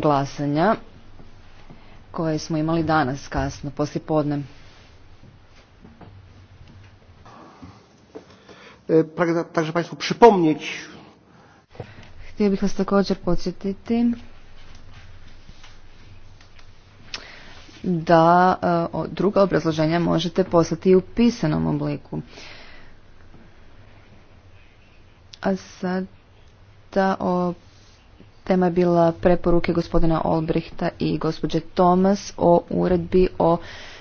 glasanja koje smo imali danas kasno, poslijepodne. E, takže Htio bih vas također podsjetiti da e, druga obrazloženja možete poslati i u pisanom obliku. A sada o Tema je bila preporuke gospodina Olbrihta i gospođe Thomas o uredbi o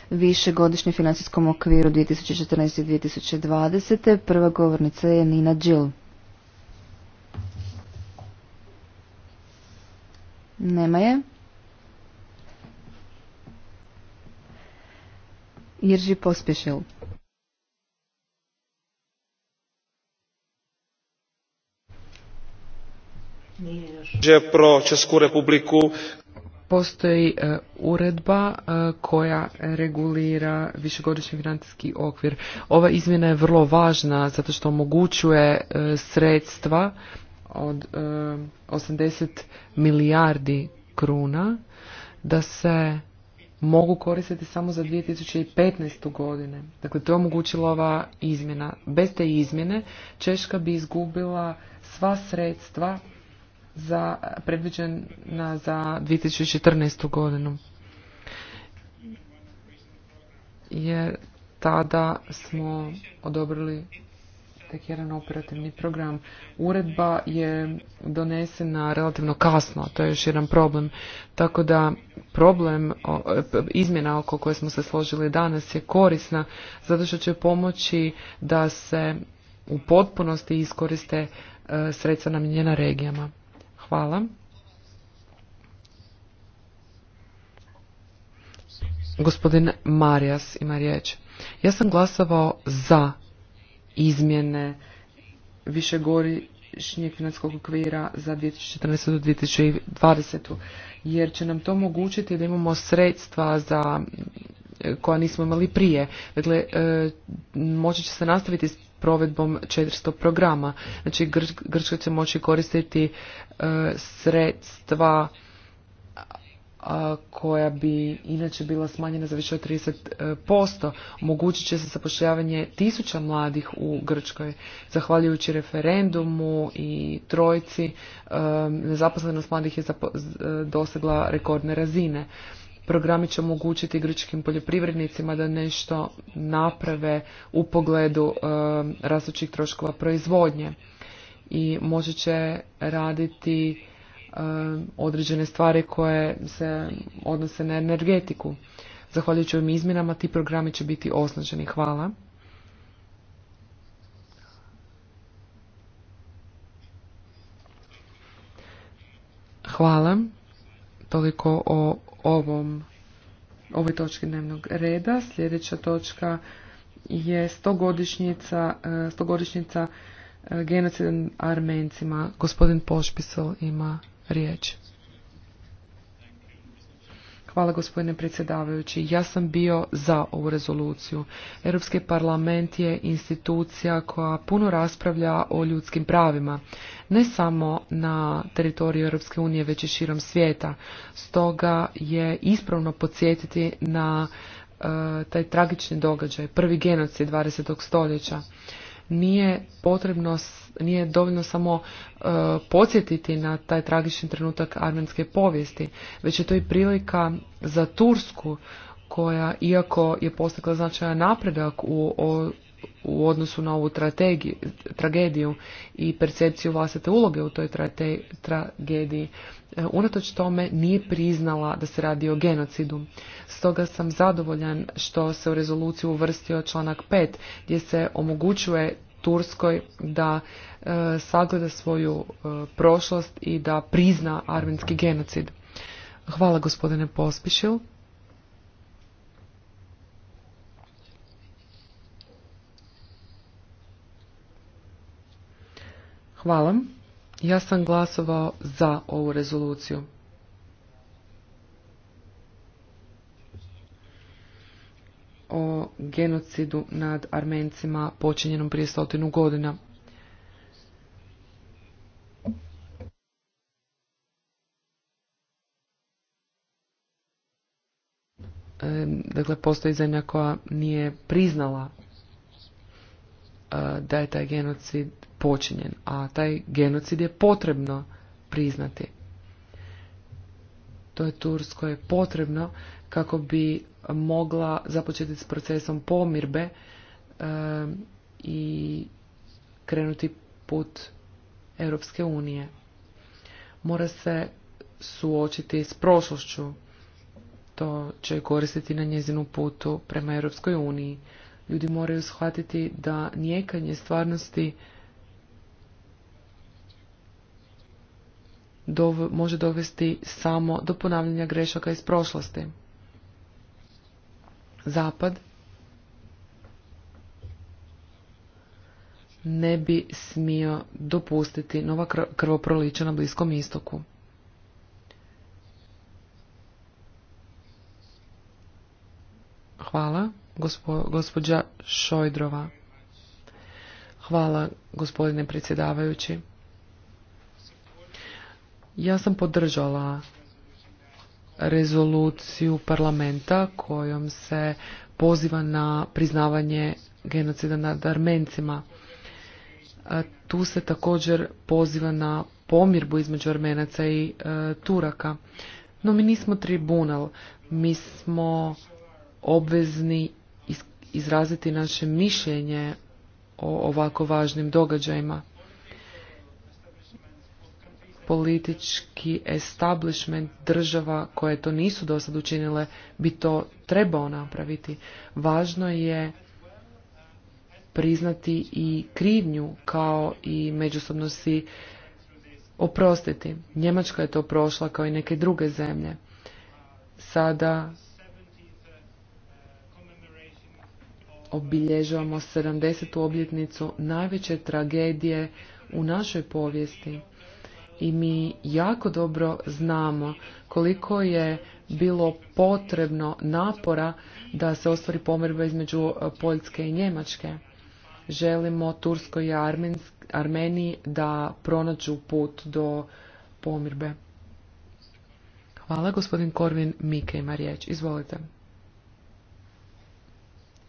višegodišnjem financijskom okviru 2014. i 2020. Prva govornica je Nina Jill. Nema je. Jerži pospješil. Nije Pro Česku republiku. Postoji e, uredba e, koja regulira višegodišnji financijski okvir. Ova izmjena je vrlo važna zato što omogućuje e, sredstva od 80 milijardi kruna da se mogu koristiti samo za 2015. godine. Dakle, to je omogućila ova izmjena. Bez te izmjene Češka bi izgubila sva sredstva za, predviđena za 2014. godinu. Jer tada smo odobrili tek jedan operativni program. Uredba je donesena relativno kasno, to je još jedan problem. Tako da problem izmjena oko koje smo se složili danas je korisna zato što će pomoći da se u potpunosti iskoriste e, sredstva namijenjena regijama. Hvala. Gospodin Marijas ima riječ. Ja sam glasovao za izmjene višegorišnjeg financijskog okvira za 2014. do 2020. jer će nam to omogućiti da imamo sredstva za koja nismo imali prije. Dakle, e, moći će se nastaviti s provedbom 400 programa. Znači Grčka će moći koristiti e, sredstva koja bi inače bila smanjena za više od 30%. Omogućit će se zapošljavanje tisuća mladih u Grčkoj. Zahvaljujući referendumu i trojci, e, nezaposlenost mladih je e, dosegla rekordne razine. Programi će omogućiti grčkim poljoprivrednicima da nešto naprave u pogledu e, troškova proizvodnje i može će raditi e, određene stvari koje se odnose na energetiku. Zahvaljujući ovim izmjenama ti programi će biti osnaženi. Hvala. Hvala. Toliko o ovom ovoj točki dnevnog reda. Sljedeća točka je stogodišnjica, e, stogodišnjica e, genocida Armencima. Gospodin Pošpiso ima riječ. Hvala gospodine predsjedavajući. Ja sam bio za ovu rezoluciju. Europski parlament je institucija koja puno raspravlja o ljudskim pravima ne samo na teritoriju Europske unije, već i širom svijeta. Stoga je ispravno podsjetiti na e, taj tragični događaj, prvi genocid 20. stoljeća. Nije potrebno, nije dovoljno samo e, podsjetiti na taj tragični trenutak armenske povijesti, već je to i prilika za Tursku koja, iako je postakla značajan napredak u u odnosu na ovu tragediju i percepciju vlastite uloge u toj tragediji, e, unatoč tome nije priznala da se radi o genocidu. Stoga sam zadovoljan što se u rezoluciju uvrstio članak 5 gdje se omogućuje Turskoj da e, sagleda svoju e, prošlost i da prizna armenski genocid. Hvala gospodine Pospišil. Hvala. Ja sam glasovao za ovu rezoluciju. o genocidu nad Armencima počinjenom prije stotinu godina. E, dakle postoji zemlja koja nije priznala e, da je taj genocid počinjen, a taj genocid je potrebno priznati. To je Tursko je potrebno kako bi mogla započeti s procesom pomirbe i krenuti put Europske unije. Mora se suočiti s prošlošću. To će koristiti na njezinu putu prema Europskoj uniji. Ljudi moraju shvatiti da nijekanje stvarnosti može dovesti samo do ponavljanja grešaka iz prošlosti. Zapad ne bi smio dopustiti nova krvoproliča na Bliskom istoku. Hvala, gospo, gospođa Šojdrova. Hvala, gospodine predsjedavajući. Ja sam podržala rezoluciju parlamenta kojom se poziva na priznavanje genocida nad Armencima. E, tu se također poziva na pomirbu između Armenaca i e, Turaka. No mi nismo tribunal, mi smo obvezni izraziti naše mišljenje o ovako važnim događajima politički establishment država koje to nisu do sad učinile bi to trebao napraviti. Važno je priznati i krivnju kao i međusobno si oprostiti. Njemačka je to prošla kao i neke druge zemlje. Sada obilježavamo 70. obljetnicu najveće tragedije u našoj povijesti i mi jako dobro znamo koliko je bilo potrebno napora da se ostvari pomirba između e, Poljske i Njemačke. Želimo Turskoj i Armeniji da pronađu put do pomirbe. Hvala, gospodin Korvin Mike ima riječ. Izvolite.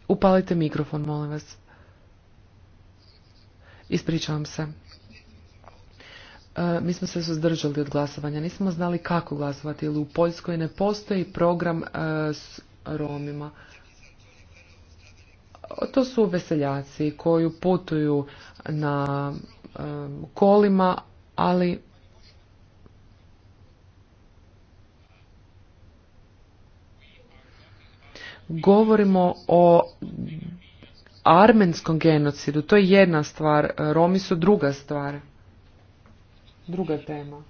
Upalite mikrofon, molim vas. Ispričavam se. E, mi smo se suzdržali od glasovanja. Nismo znali kako glasovati, jer u Poljskoj ne postoji program e, s Romima. To su veseljaci koji putuju na e, kolima, ali govorimo o armenskom genocidu. To je jedna stvar, Romi su druga stvar druga tema.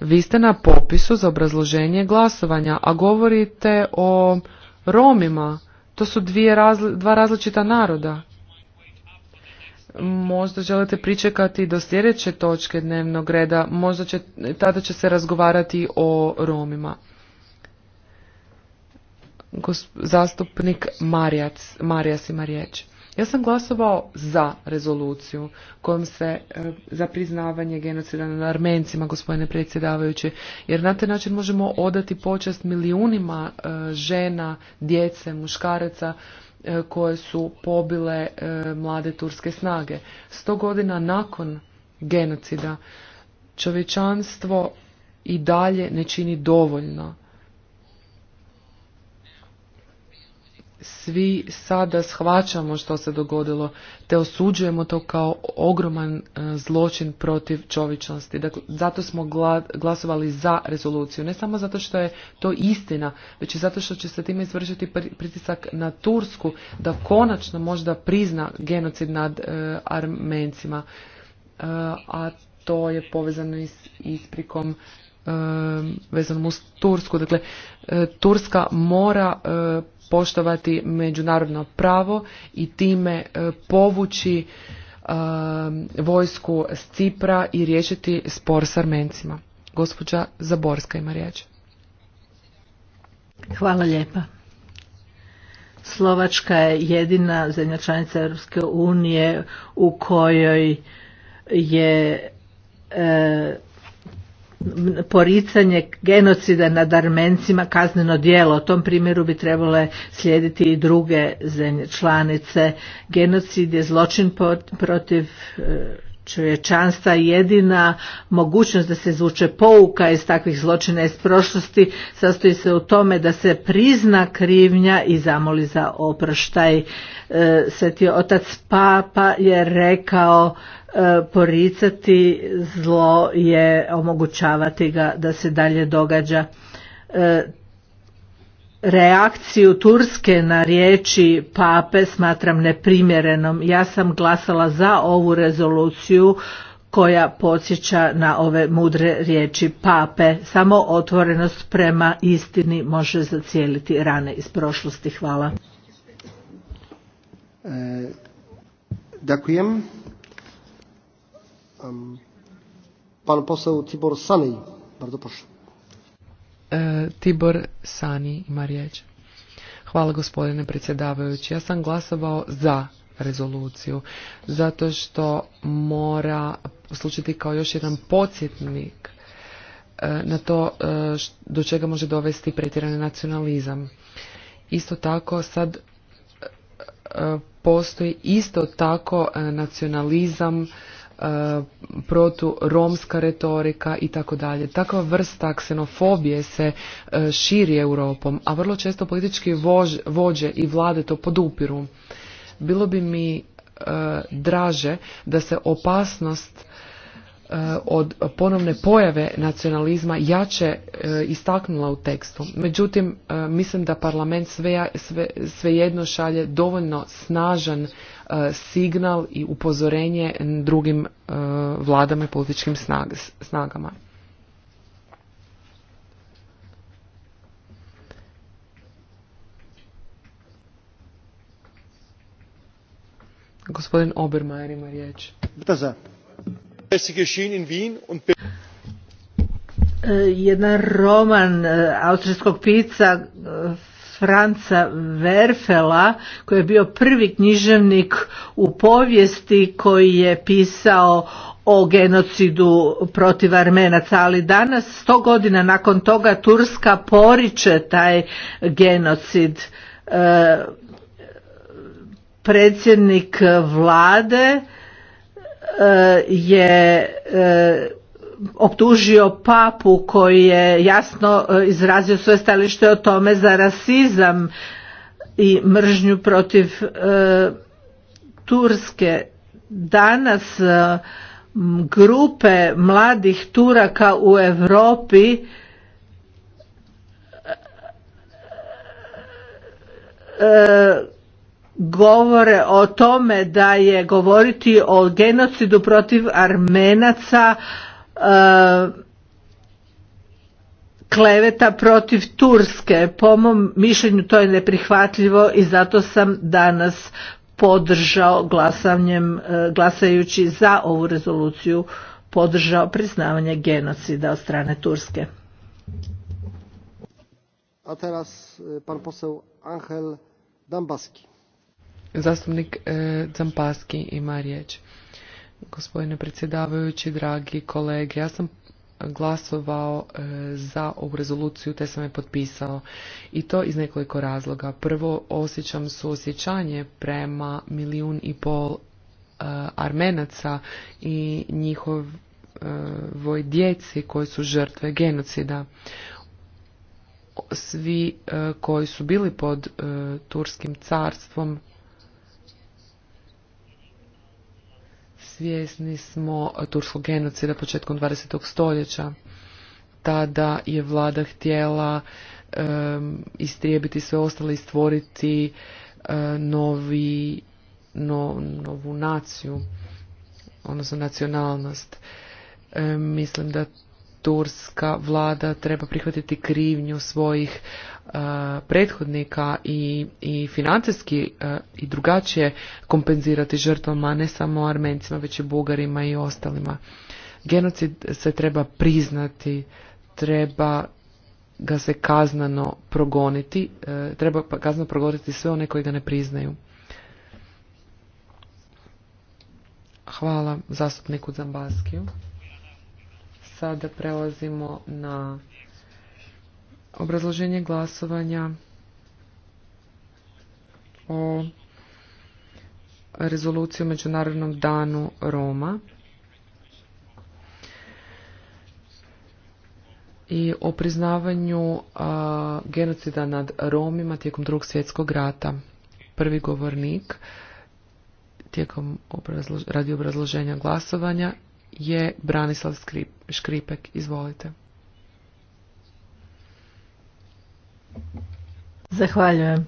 Vi ste na popisu za obrazloženje glasovanja, a govorite o Romima. To su dvije dva različita naroda. Možda želite pričekati do sljedeće točke dnevnog reda, možda će, tada će se razgovarati o Romima. zastupnik Marijac, Marijas ima riječ. Ja sam glasovao za rezoluciju kojom se e, za priznavanje genocida na Armencima, gospodine predsjedavajući, jer na taj način možemo odati počast milijunima e, žena, djece, muškaraca e, koje su pobile mlade turske snage. Sto godina nakon genocida čovječanstvo i dalje ne čini dovoljno svi sada shvaćamo što se dogodilo, te osuđujemo to kao ogroman e, zločin protiv čovječnosti. Dakle, zato smo glasovali za rezoluciju, ne samo zato što je to istina, već i zato što će se time izvršiti pritisak na Tursku da konačno možda prizna genocid nad e, Armencima, e, a to je povezano i s isprikom vezanom uz Tursku. Dakle, Turska mora poštovati međunarodno pravo i time e, povući e, vojsku s Cipra i riješiti spor s Armencima. Gospođa Zaborska ima riječ. Hvala lijepa. Slovačka je jedina zemlja članica Europske unije u kojoj je e, poricanje genocida nad Armencima kazneno djelo. O tom primjeru bi trebale slijediti i druge zemlje članice. Genocid je zločin protiv e, čovječanstva jedina mogućnost da se izvuče pouka iz takvih zločina iz prošlosti sastoji se u tome da se prizna krivnja i zamoli za oproštaj. E, Sveti otac Papa je rekao e, poricati zlo je omogućavati ga da se dalje događa e, reakciju Turske na riječi pape smatram neprimjerenom. Ja sam glasala za ovu rezoluciju koja podsjeća na ove mudre riječi pape. Samo otvorenost prema istini može zacijeliti rane iz prošlosti. Hvala. E, dakujem. posao Tibor Sanej, E, Tibor Sani ima riječ. Hvala gospodine predsjedavajući. Ja sam glasovao za rezoluciju zato što mora slučiti kao još jedan podsjetnik e, na to e, do čega može dovesti pretjerani nacionalizam. Isto tako sad postoji isto tako nacionalizam E, protu romska retorika i tako dalje. Takva vrsta ksenofobije se e, širi Europom, a vrlo često politički vođe i vlade to podupiru. Bilo bi mi e, draže da se opasnost od ponovne pojave nacionalizma jače istaknula u tekstu. Međutim, mislim da parlament svejedno sve, šalje dovoljno snažan E, signal i upozorenje drugim e, vladama i političkim snagama. Gospodin Obermajer ima riječ. E, Jedan roman austrijskog pica Franca Verfela koji je bio prvi književnik u povijesti koji je pisao o genocidu protiv Armenaca, ali danas, sto godina nakon toga, Turska poriče taj genocid. E, predsjednik vlade e, je e, optužio papu koji je jasno e, izrazio svoje stajalište o tome za rasizam i mržnju protiv e, Turske. Danas e, grupe mladih Turaka u Europi e, govore o tome da je govoriti o genocidu protiv Armenaca E, kleveta protiv Turske. Po mom mišljenju to je neprihvatljivo i zato sam danas podržao glasanjem, e, glasajući za ovu rezoluciju, podržao priznavanje genocida od strane Turske. A teraz e, pan Dambaski. Zastupnik Dambaski ima riječ. Gospodine predsjedavajući, dragi kolege, ja sam glasovao e, za ovu rezoluciju te sam je potpisao i to iz nekoliko razloga. Prvo osjećam suosjećanje prema milijun i pol e, armenaca i njihovoj e, djeci koji su žrtve genocida. Svi koji su bili pod turskim carstvom Svjesni smo turskog genocida početkom 20. stoljeća. Tada je vlada htjela um, istrijebiti sve ostale i stvoriti novi, novu naciju, odnosno nacionalnost. mislim da turska vlada treba prihvatiti krivnju svojih e, prethodnika i, i financijski e, i drugačije kompenzirati žrtvama, ne samo Armencima, već i Bugarima i ostalima. Genocid se treba priznati, treba ga se kaznano progoniti, e, treba pa kaznano progoniti sve one koji ga ne priznaju. Hvala zastupniku Zambaskiju. Sada prelazimo na obrazloženje glasovanja o rezoluciju o Međunarodnom danu Roma i o priznavanju genocida nad Romima tijekom drugog svjetskog rata. Prvi govornik tijekom radi obrazloženja glasovanja je Branislav Škripek. Izvolite. Zahvaljujem.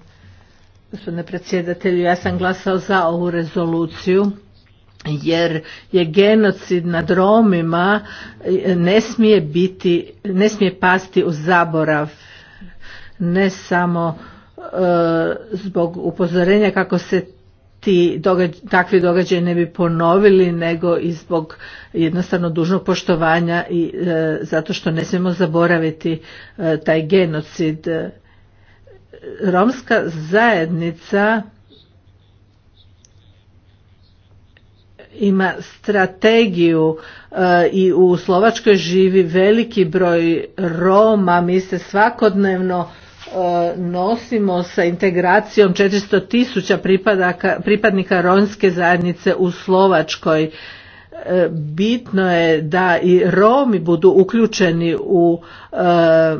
Gospodine predsjedatelju, ja sam glasao za ovu rezoluciju jer je genocid na dromima e, ne smije biti, ne smije pasti u zaborav ne samo e, zbog upozorenja kako se ti takvi događaji ne bi ponovili nego i zbog jednostavno dužnog poštovanja i e, zato što ne smijemo zaboraviti e, taj genocid e, romska zajednica ima strategiju i u Slovačkoj živi veliki broj Roma mi se svakodnevno nosimo sa integracijom 400.000 tisuća pripadnika romske zajednice u Slovačkoj. E, bitno je da i Romi budu uključeni u e,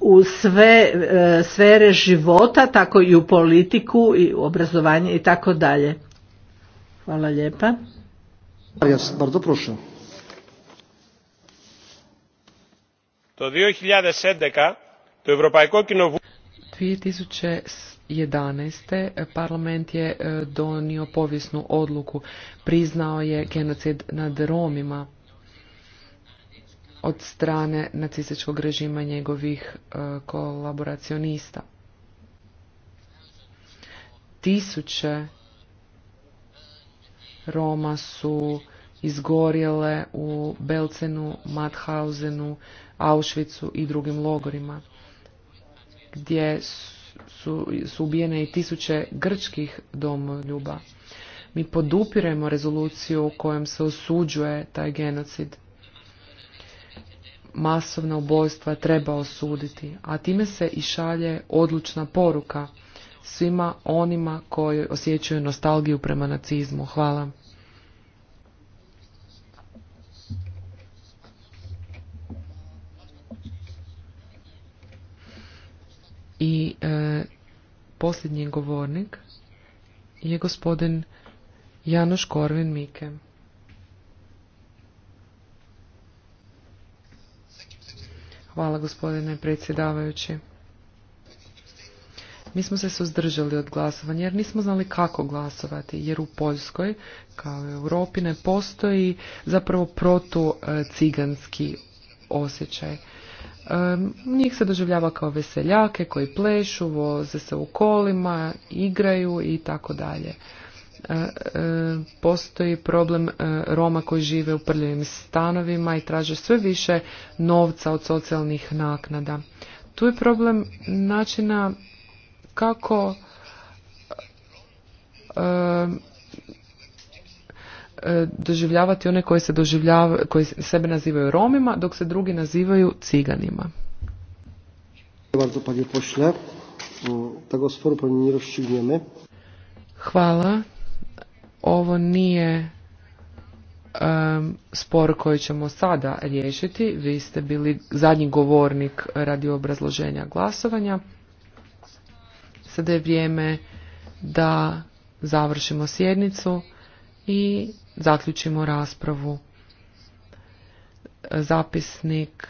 u sve e, sfere života, tako i u politiku i u obrazovanje i tako dalje. Hvala lijepa. Bardzo Το 2011 το Ευρωπαϊκό Κοινοβούλιο 2011. parlament je e, donio povijesnu odluku. Priznao je genocid nad Romima od strane nacističkog režima njegovih e, kolaboracionista. Tisuće Roma su izgorjele u Belcenu, Mathausenu, Auschwitzu i drugim logorima, gdje su, ubijene i tisuće grčkih domoljuba. Mi podupiremo rezoluciju kojom se osuđuje taj genocid. Masovna ubojstva treba osuditi, a time se i šalje odlučna poruka svima onima koji osjećaju nostalgiju prema nacizmu. Hvala. I e, posljednji govornik je gospodin Janoš Korvin Mike. Hvala gospodine predsjedavajući. Mi smo se suzdržali od glasovanja jer nismo znali kako glasovati jer u Poljskoj kao i u Europi ne postoji zapravo protu e, ciganski osjećaj. Njih se doživljava kao veseljake koji plešu, voze se u kolima, igraju i tako dalje. E, e, postoji problem e, Roma koji žive u prljivim stanovima i traže sve više novca od socijalnih naknada. Tu je problem načina kako E, doživljavati one koji se doživljava, koji sebe nazivaju Romima, dok se drugi nazivaju Ciganima. Hvala. Ovo nije spor koji ćemo sada riješiti. Vi ste bili zadnji govornik radi obrazloženja glasovanja. Sada je vrijeme da završimo sjednicu i zaključimo raspravu. Zapisnik